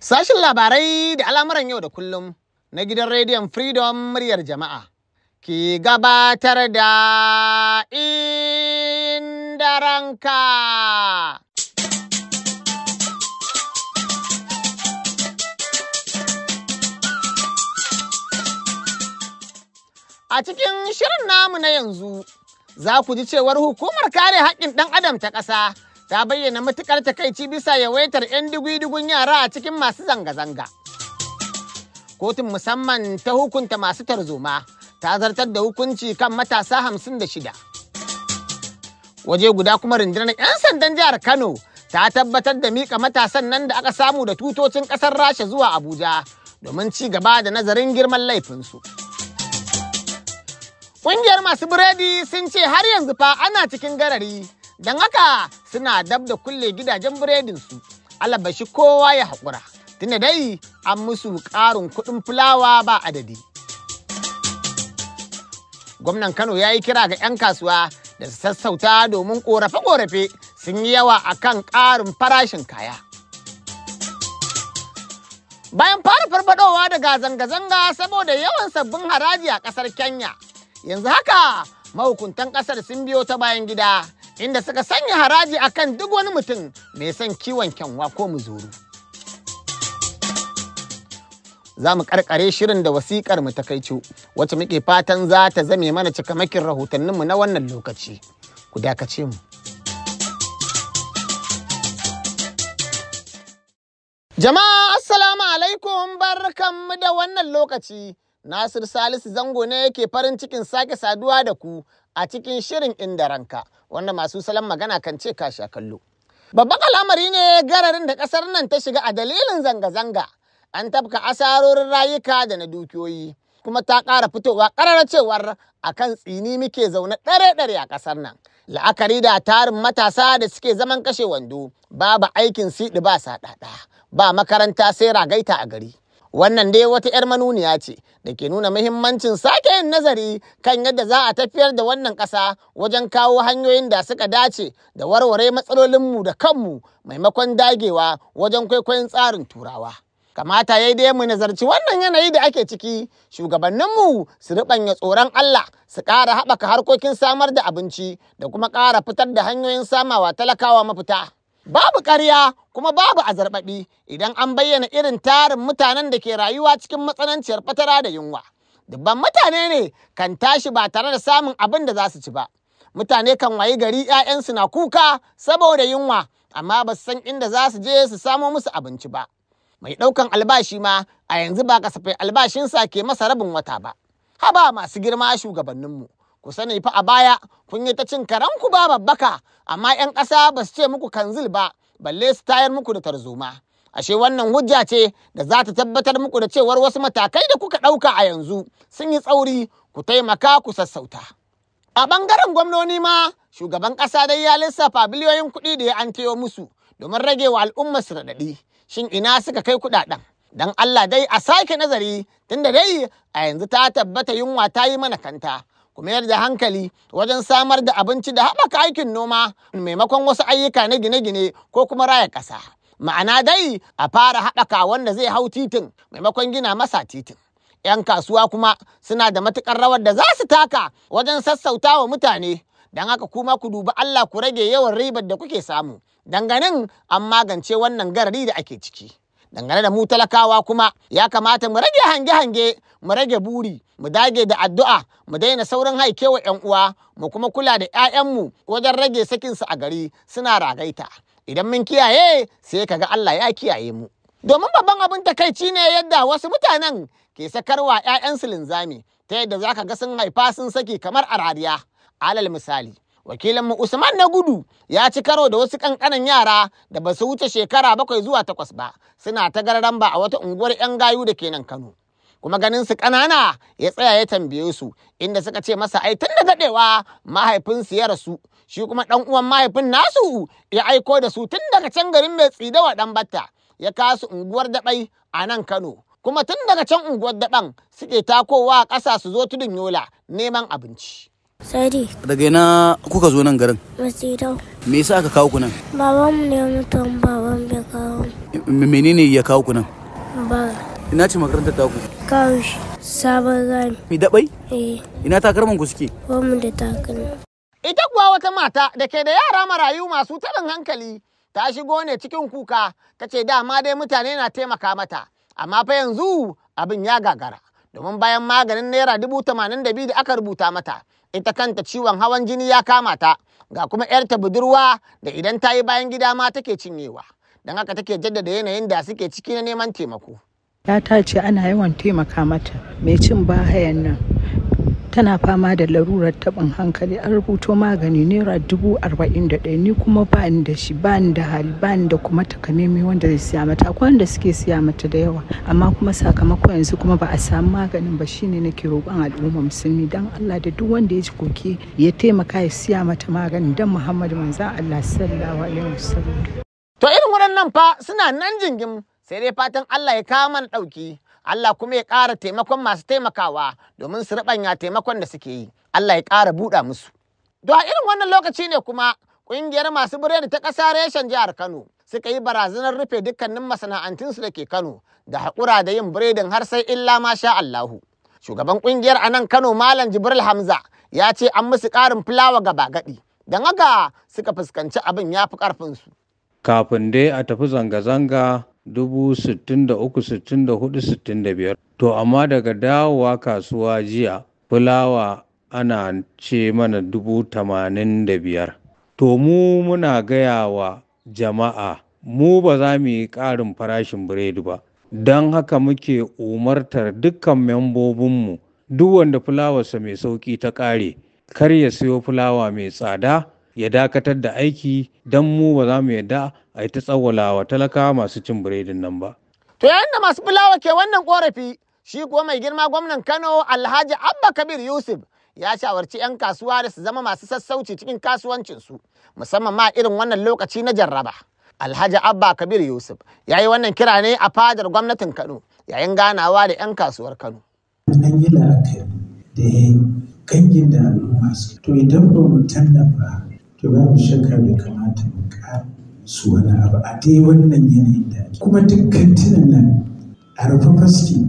Sashin labarai da al'amuran yau da kullum na gidan rediyon Freedom muryar jama'a ke gabatar da inda ranka. A cikin shirin namu na yanzu za ku ji cewar hukumar kare haƙƙin ɗan adam ta ƙasa. ta bayyana matukar takaici bisa yawaitar 'yan digwi-digun yara a cikin masu zanga-zanga. Kotun musamman ta hukunta masu tarzoma ta zartar da hukunci kan matasa hamsin da shida. Waje guda kuma rundunar 'yan sandan jihar Kano ta tabbatar da mika matasan nan da aka samu da tutocin ƙasar Rasha zuwa Abuja domin ci gaba da nazarin girman laifinsu. Ƙungiyar masu biredi sun ce har yanzu fa ana cikin garari. Don haka suna dab da kulle gidajen su, alabashi kowa ya haƙura. Tunda dai an musu ƙarin kuɗin fulawa ba adadi. Gwamnan Kano ya yi kira ga 'yan kasuwa da su sassauta domin ƙorafe-ƙorafe sun yi yawa a kan ƙarin farashin kaya. Bayan fara farfadowa daga zanga-zanga saboda yawan sabbin haraji a ƙasar Kenya, yanzu haka mahukuntan ƙasar sun biyo ta bayan gida inda suka sanya haraji a kan duk wani mutum mai son kiwon kyanwa ko muzuru. Za mu karkare shirin da wasikar mu takaicu wacce muke fatan za ta zame mana cikamakin rahotanninmu na wannan lokaci. Ku dakace mu. Jama'a Assalamu alaikum barkanmu da wannan lokaci. Nasir Salisu Zango ne yake farin cikin sake saduwa da ku a cikin shirin inda ranka wanda masu salon magana kan ce kashi a kallo. Babban al'amari ne gararin da ƙasar nan ta shiga a dalilin zanga-zanga an tafka asarorin rayuka da na dukiyoyi kuma ta ƙara fitowa ƙarar cewar a kan tsini muke zaune ɗare-ɗare a ƙasar nan. La'akari da tarin matasa da suke zaman kashe wando babu aikin siɗi ba saɗaɗa ba makaranta sai ragaita a gari. wannan dai wata 'yar manuniya ce da ke nuna muhimmancin sake yin nazari kan yadda za a tafiyar da wannan ƙasa wajen kawo hanyoyin da suka dace da warware matsalolinmu da kanmu maimakon dagewa wajen kwaikwayon tsarin turawa kamata ya dai mu nazarci wannan yanayi da ake ciki shugabanninmu su riɓanya tsoron Allah su ƙara haɓaka harkokin samar da abinci da kuma ƙara fitar da hanyoyin samawa talakawa mafita. babu ƙarya kuma babu azarbaɓi idan an bayyana irin tarin mutanen da ke rayuwa cikin matsananciyar fatara da yunwa. Dubban mutane ne kan tashi ba tare da samun abin da za su ci ba. Mutane kan wayi gari 'ya'yansu na kuka saboda yunwa amma ba su san inda za su je su samo musu abinci ba. Mai ɗaukan albashi ma a yanzu ba kasafai albashinsa ke masa rabin wata ba. Haba masu girma shugabanninmu. ku sani fa a baya kun yi ta cin karanku ba babbaka amma 'yan ƙasa ba su ce muku kanzil ba balle su tayar muku da tarzoma ashe wannan hujja ce da za ta tabbatar muku da cewar wasu matakai da kuka ɗauka a yanzu sun yi tsauri ku taimaka ku sassauta a bangaren gwamnoni ma shugaban ƙasa dai ya lissafa biliyoyin kuɗi da ya an musu domin rage wa al'ummar su raɗaɗi shin ina suka kai kuɗaɗen dan Allah dai a sake nazari tunda dai a yanzu ta tabbata yunwa ta yi mana kanta ku mayar da hankali wajen samar da abinci da haɓaka aikin noma maimakon wasu ayyuka na gine-gine ko kuma raya ƙasa. Ma'ana dai a fara haɓaka wanda zai hau titin maimakon gina masa titin. 'Yan kasuwa kuma suna da matuƙar rawar da za su taka wajen sassauta wa mutane don haka kuma ku duba Allah ku rage yawan ribar da kuke samu. Danganin an magance wannan garari da ake ciki. dangane da mu talakawa kuma ya kamata mu rage hange-hange mu rage buri mu dage da addu'a mu daina saurin haikewa 'yan uwa mu kuma kula da 'ya'yanmu wajen rage sakinsu a gari suna ragaita idan mun kiyaye sai kaga Allah ya kiyaye mu domin babban abin takaici ne yadda wasu mutanen ke sakarwa 'ya'yansu linzami ta yadda zaka ga sun haifa sun saki kamar a rariya alal misali wakilinmu usman na gudu ya ci karo da wasu kankanan yara da ba su wuce shekara bakwai zuwa takwas ba suna ta gararan ba a wata unguwar yan gayu da ke nan kano kuma ganin su ƙanana ya tsaya ya tambaye su inda suka ce masa ai tun da daɗewa mahaifinsu ya rasu shi kuma ɗan uwan mahaifin nasu ya aiko da su tun daga can garin mai tsidawa ɗan batta ya kasu unguwar daɓai a nan kano kuma tun daga can unguwar daɓan suke takowa ƙasa su zo tudun yola neman abinci Sadi. Daga yana kuka zo nan garin? Masirau. Me yasa aka kawo ku nan? Babanmu ne mutum baban bai kawo. Menene ya kawo ku nan? Ba. Ina ce makarantar ku. Kawo shi. Sabon gani. Mi daɓai? Eh. Ina takarman ku suke? mu da takarma. Ita kuwa wata mata da ke da yara marayu masu tarin hankali ta shigo ne cikin kuka ta ce dama dai mutane na taimaka mata amma fa yanzu abin ya gagara. domin bayan maganin naira dubu tamanin da biyu da aka rubuta mata ita kanta ciwon hawan jini ya kama ta ga kuma 'yarta budurwa da idan ta yi bayan gida ma take cinyewa don haka take jaddada yanayin da suke ciki na neman taimako. ya ta ce ana yawan taimaka mata mai cin bahayan nan tana fama da larurar taɓin hankali an rubuto magani naira dubu arba'in da ɗaya ni kuma ba ni da shi ba ni da hali ba ni da kuma takamaimai wanda zai siya mata akwai wanda suke siya mata da yawa amma kuma sakamakon yanzu kuma ba a samu maganin ba shine nake roƙon al'umma musulmi dan Allah da duk wanda ya ji koke ya taimaka ya siya mata maganin dan Muhammadu manzo Allah sallallahu alaihi wasallam to irin waɗannan fa suna nan jingim sai dai fatan Allah ya kawo mana ɗauki Allah kuma ya ƙara taimakon masu taimakawa domin su riɓanya taimakon da suke yi Allah ya ƙara buɗa musu a irin wannan lokaci ne kuma ƙungiyar masu biredi ta ƙasa reshen jihar Kano suka yi barazanar rufe dukkanin masana'antunsu da ke Kano da haƙura da yin biredin har sai illa ma sha Allahu shugaban ƙungiyar a nan Kano Malam Jibril Hamza ya ce an musu ƙarin fulawa gaba gaɗi don haka suka fuskanci abin ya fi ƙarfinsu. kafin dai a tafi zanga-zanga 63,64,65 to amma daga dawowa kasuwa jiya fulawa ana ce mana 85,000 to mu muna gaya wa jama'a mu ba za mu yi ƙarin farashin biredi ba don haka muke umartar dukkan membobinmu duk wanda fulawarsa mai sauƙi ta ƙare kar ya siyo fulawa mai tsada ya dakatar da aiki don mu ba za mu yadda a yi ta wa talaka masu cin biredin nan ba. To yayin masu fulawa ke wannan korafi shi kuwa mai girma gwamnan Kano Alhaji Abba Kabir Yusuf ya shawarci 'yan kasuwa da su zama masu sassauci cikin kasuwancinsu musamman ma irin wannan lokaci na jarraba. Alhaji Abba Kabir Yusuf ya yi wannan kira ne a fadar gwamnatin Kano yayin ganawa da 'yan kasuwar Kano. An yi la'akari da kangin da al'umma su. To idan ba mu tallafa to babu shakka bai kamata mu ƙara su wani abu a dai wannan yanayin da kuma dukkan tunan nan a rufe faski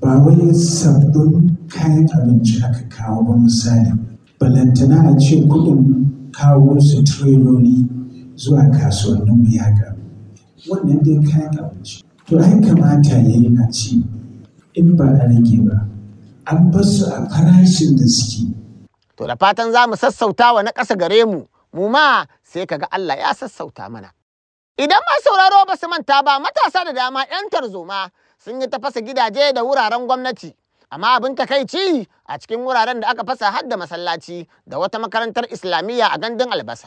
ba wai sabbin kayan abinci aka kawo ba misali balantana a ce kudin kawo su tireloli zuwa kasuwannin mu ya gaba wannan dai kayan abinci to ai kamata ya yi ci in ba a rage ba an basu a farashin da suke to da fatan za mu sassauta wa na ƙasa gare mu mu ma sai kaga Allah ya sassauta mana. Idan ma sauraro ba su manta ba matasa da dama 'yan tarzoma sun yi ta fasa gidaje da wuraren gwamnati. Amma abin takaici a cikin wuraren da aka fasa har masallaci da wata makarantar Islamiyya a gandun albasa.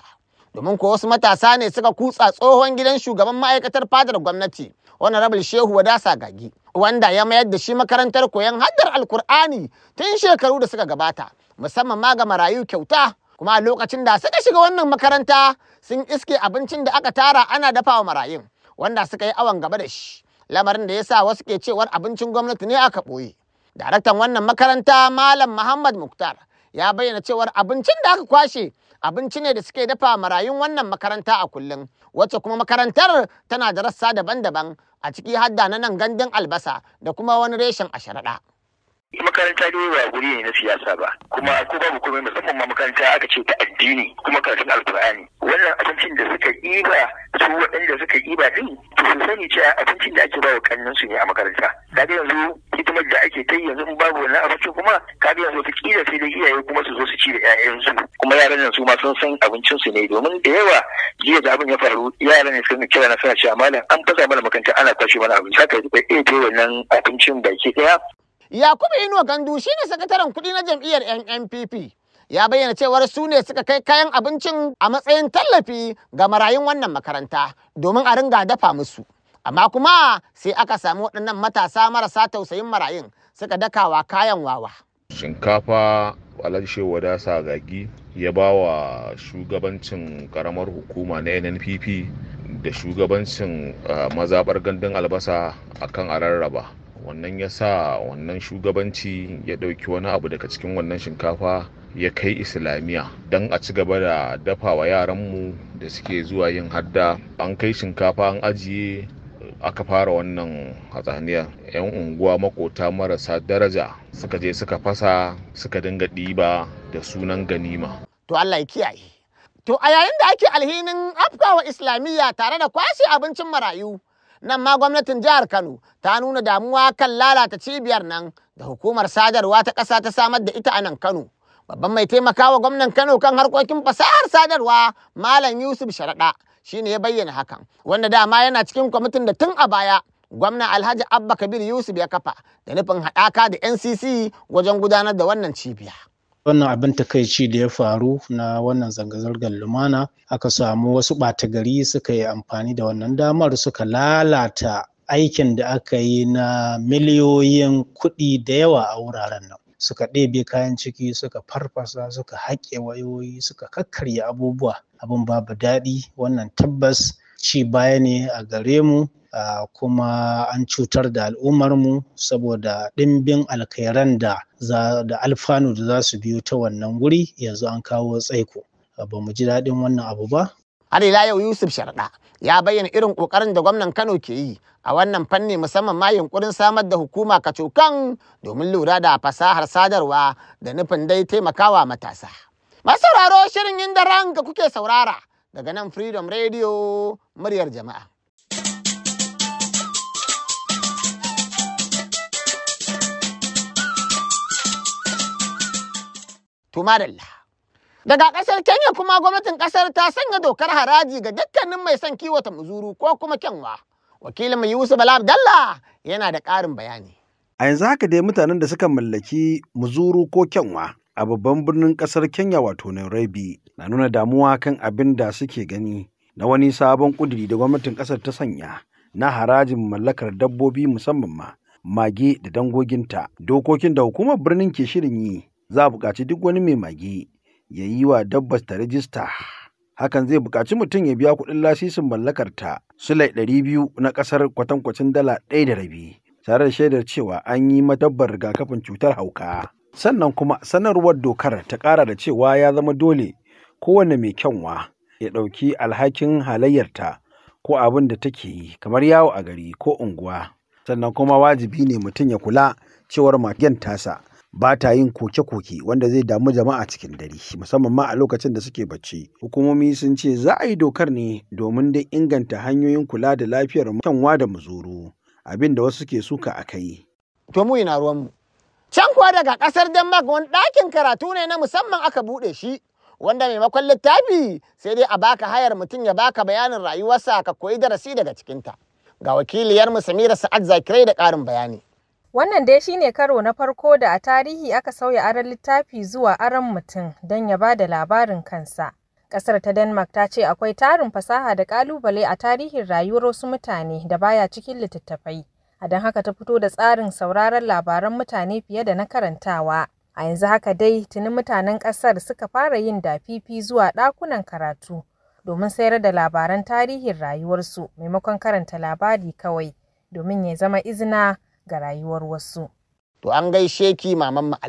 Domin ko wasu matasa ne suka kutsa tsohon gidan shugaban ma'aikatar fadar gwamnati, Wani rabin Shehu Wadasa Gagi, wanda ya mayar da shi makarantar koyon haddar Alkur'ani tun shekaru da suka gabata, musamman ma ga marayu kyauta kuma a lokacin da suka shiga wannan makaranta sun iske abincin da aka tara ana dafawa marayun wanda suka yi awon gaba da shi lamarin da ya sa wasu ke cewar abincin gwamnati ne aka ɓoye daraktan wannan makaranta malam muhammad muktar ya bayyana cewar abincin da aka kwashe abinci ne da suke dafa marayun wannan makaranta a kullum wacce kuma makarantar tana da rassa daban-daban a ciki hadda na nan gandun albasa da kuma wani reshen asharaɗa makaranta dai ba guri ne na siyasa ba kuma ko babu komai musamman ma makaranta aka ce ta addini kuma karatun alkur'ani wannan abincin da suka ɗiba su waɗanda suka ɗiba din to su sani ce abincin da ake bawa kannin su ne a makaranta kaga yanzu hidimar da ake ta yanzu in babu wannan abincin kuma kaga yanzu ta kila sai da iyaye kuma su zo su ci da ƴaƴansu kuma yaran nan su ma sun san abincin su ne domin da yawa jiya da abin ya faru yaran ne sun kira na suna cewa malam an fasa mana makaranta ana kwashe mana abinci haka da ɗaya ta wannan abincin baki ɗaya yakubu inuwa gandu shine sakataren kuɗi na jam'iyyar nnpp ya bayyana cewar su ne suka kai kayan abincin a matsayin tallafi ga marayun wannan makaranta domin a ringa dafa musu amma kuma sai aka samu waɗannan matasa marasa tausayin marayun suka dakawa kayan wawa shinkafa wada sa gagi ya ba wa shugabancin karamar hukuma na nnpp da shugabancin ah, mazaɓar gandun albasa akan a rarraba wannan ya sa wannan shugabanci ya ɗauki wani abu daga cikin wannan shinkafa ya kai islamiyya don a ci gaba da dafa wa yaranmu da suke zuwa yin hadda an kai shinkafa an ajiye aka fara wannan hatsaniyar yan unguwa makota marasa daraja suka je suka fasa suka dinga ɗiba da sunan ganima to allah ya kiyaye to a yayin da ake alhinin afkawa islamiyya tare da kwashe abincin marayu nan ma gwamnatin jihar Kano ta nuna damuwa kan lalata cibiyar nan da hukumar sadarwa ta ƙasa ta samar da ita a nan Kano. Babban mai taimakawa gwamnan Kano kan harkokin fasahar sadarwa Malam Yusuf Sharaɗa ne ya bayyana hakan wanda dama yana cikin kwamitin da tun a baya gwamnan Alhaji Abba Kabir Yusuf ya kafa da nufin haɗaka da NCC wajen gudanar da wannan cibiya. wannan abin takaici da ya faru na wannan zanga-zangar lumana aka samu wasu ɓata gari suka yi amfani da wannan damar suka lalata aikin da aka yi na miliyoyin kuɗi da yawa a wuraren nan suka ɗebe kayan ciki suka farfasa suka haƙe wayoyi suka kakkarya abubuwa abin babu daɗi wannan tabbas ci baya ne a gare mu kuma an cutar da al'ummar mu saboda ɗimbin alkhairan da da alfanu da za su biyo ta wannan wuri yanzu an kawo tsaiko ba mu ji daɗin wannan abu ba har ila yau yusuf sharda ya bayyana irin ƙoƙarin da gwamnan kano ke yi a wannan fanni musamman ma yunkurin samar da hukuma kacokan domin lura da fasahar sadarwa da nufin dai taimakawa matasa masauraro shirin inda ranka kuke saurara daga nan freedom radio muryar jama'a tumarilla daga kasar kenya kuma gwamnatin ƙasar ta sanya dokar haraji ga dukkanin mai son kiwata muzuru ko kuma kyanwa wakilin yusuf bala abdalla yana da ƙarin bayani a yanzu haka dai mutanen da suka mallaki muzuru ko kyanwa a babban birnin ƙasar kenya wato nairobi na nuna damuwa kan abin da suke gani na wani sabon kuduri da gwamnatin ƙasar ta sanya na harajin mallakar dabbobi musamman ma mage da dangoginta dokokin da hukumar birnin ke shirin yi za a buƙaci duk wani mai mage ya yi wa dabbas ta rajista hakan zai buƙaci mutum ya biya kuɗin lasisin mallakar ta sulai ɗari biyu na ƙasar kwatankwacin dala ɗaya da rabi tare da shaidar cewa an yi madabbar rigakafin cutar hauka sannan kuma sanarwar dokar ta ƙara da cewa ya zama dole kowane mai kyanwa ya ɗauki alhakin halayyarta ko abin da take yi kamar yawo a gari ko unguwa sannan kuma wajibi ne mutum ya kula cewar magen tasa ba ta yin koke-koke wanda zai damu jama'a cikin dare musamman ma a lokacin da suke bacci hukumomi sun ce za a yi dokar ne domin dai inganta hanyoyin kula da lafiyar kyanwa da muzuru abin da wasu ke suka a kai to mu ina ruwanmu can kuwa daga kasar denmark wani ɗakin karatu ne na musamman aka buɗe shi wanda maimakon littafi sai dai a baka hayar mutum ya baka bayanin rayuwarsa ka koyi darasi daga cikinta ga wakiliyar mu Samira Sa'ad Zakirai da ƙarin bayani wannan dai shine karo na farko da a tarihi aka sauya aron littafi zuwa aron mutum don ya ba da labarin kansa Ƙasar ta Denmark ta ce akwai tarin fasaha da ƙalubale a tarihin rayuwar wasu mutane da baya cikin littattafai. A don haka ta fito da tsarin sauraron labaran mutane fiye da na karantawa. A yanzu haka dai tuni mutanen ƙasar suka fara yin dafifi zuwa ɗakunan karatu domin sayar da labaran tarihin rayuwarsu maimakon karanta labari kawai domin ya zama izina ga rayuwar wasu. To an gaishe ki maman a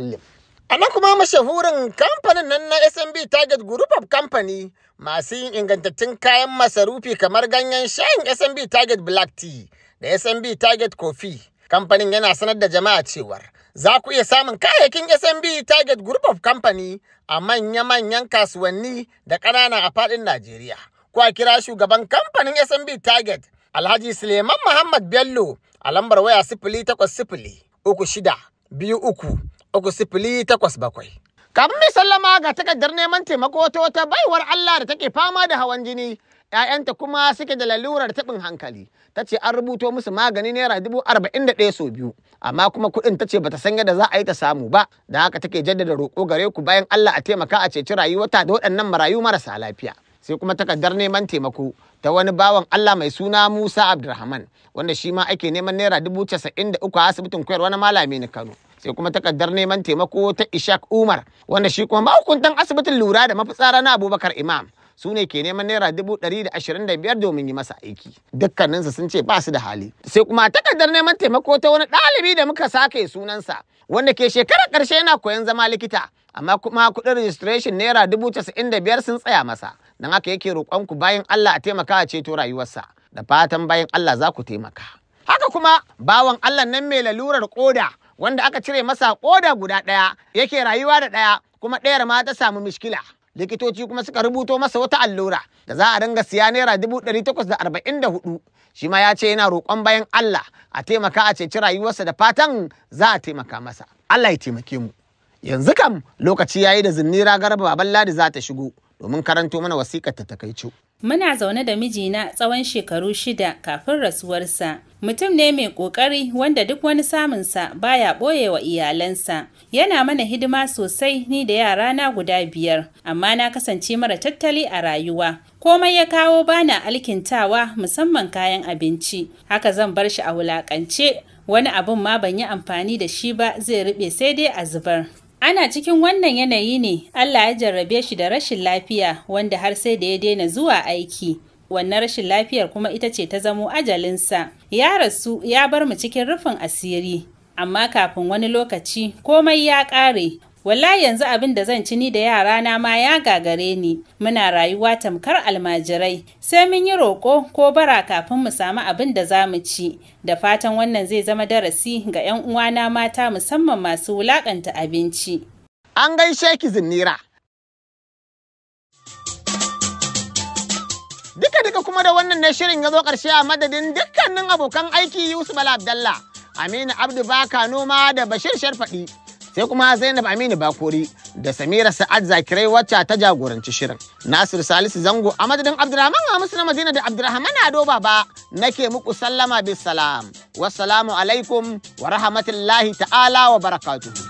nan kuma mashahurin kamfanin nan na SMB Target Group of Company masu yin ingantattun kayan masarufi kamar ganyen shayin SMB Target Black Tea da SMB Target Coffee. Kamfanin yana sanar da jama'a cewar Za ku iya samun kayayyakin SMB Target Group of Company a manya-manyan kasuwanni da ƙanana a faɗin Najeriya. Kwa kira shugaban kamfanin SMB Target Alhaji Suleiman Muhammad Bello a lambar waya sifili takwas sifili uku shida biyu uku uku sifili takwas bakwai. Kafin mai sallama ga takardar neman taimako ta wata baiwar Allah da take fama da hawan jini. 'ya'yanta kuma suke da lalurar taɓin hankali ta ce an rubuto musu magani naira dubu arba'in da ɗaya sau biyu amma kuma kuɗin ta ce bata san yadda za a yi ta samu ba da haka take jaddada roƙo gare ku bayan Allah a taimaka a ceci rayuwata da waɗannan marayu marasa lafiya sai kuma takardar neman taimako ta wani bawan Allah mai suna Musa Abdulrahman wanda shi ma ake neman naira dubu casa'in da uku a asibitin koyar na malami na Kano. sai kuma takardar neman taimako ta Ishak Umar wanda shi kuma mahukuntan asibitin lura da mafitsara na Abubakar Imam su ne ke neman naira dubu ɗari da ashirin da biyar domin yi masa aiki su sun ce ba su da hali sai kuma takardar neman taimako ta wani ɗalibi da muka sake sunansa wanda ke shekarar ƙarshe yana koyon zama likita amma kuma kuɗin registration naira dubu casa'in da biyar sun tsaya masa don haka yake ku bayan Allah a taimaka a ceto rayuwarsa da fatan bayan Allah za ku taimaka haka kuma bawan Allah nan mai lalurar ƙoda wanda aka cire masa ƙoda guda ɗaya yake rayuwa da ɗaya kuma ɗayar ma ta samu mishkila likitoci kuma suka rubuto masa wata allura da za a ringa siya naira dubu ɗari takwas da arba'in da hudu shi ma ya ce yana roƙon bayan Allah a taimaka a ceci rayuwarsa da fatan za a taimaka masa Allah ya taimake mu yanzu kam lokaci ya yi da zinnira garba baban ladi za ta shigo domin karanto mana wasiƙar ta takaicu Muna zaune da mijina tsawon shekaru shida kafin rasuwarsa. Mutum ne mai ƙoƙari wanda duk wani samunsa baya ɓoye wa iyalansa. Yana mana hidima sosai ni da yara na guda biyar, amma na kasance mara tattali a rayuwa. Komai ya kawo bana alkintawa musamman kayan abinci, haka zan bar shi a wulaƙance. Wani abin ma ban yi amfani da shi ba zai riɓe sai dai a zubar. Ana cikin wannan yanayi ne Allah ya jarrabe shi da rashin lafiya wanda har sai da ya daina zuwa aiki. Wannan rashin lafiyar kuma ita ce ta zamo ajalinsa. Ya rasu ya bar mu cikin rufin asiri, amma kafin wani lokaci komai ya ƙare wallahi yanzu abin da zan ci ni da yarana ma ya gagare ni muna rayuwa tamkar almajirai sai mun yi roƙo ko bara kafin mu samu abin da za mu ci da fatan wannan zai zama darasi ga 'yan uwana mata musamman masu wulaƙanta abinci an gaishe ki zinnira duka duka kuma da wannan na shirin ya zo ƙarshe a madadin dukkanin abokan aiki yusuf bala abdallah aminu abdu baka noma da bashir sharfaɗi sai kuma Zainab Aminu Bakori da Samira Sa'ad Zakirai wacce ta jagoranci shirin. Nasir Salisu Zango a madadin Abdurrahman Hamisu na Madina da Abdurrahman Ado Baba nake muku sallama bisalam. Wassalamu alaikum wa rahmatullahi ta'ala wa barakatuhu.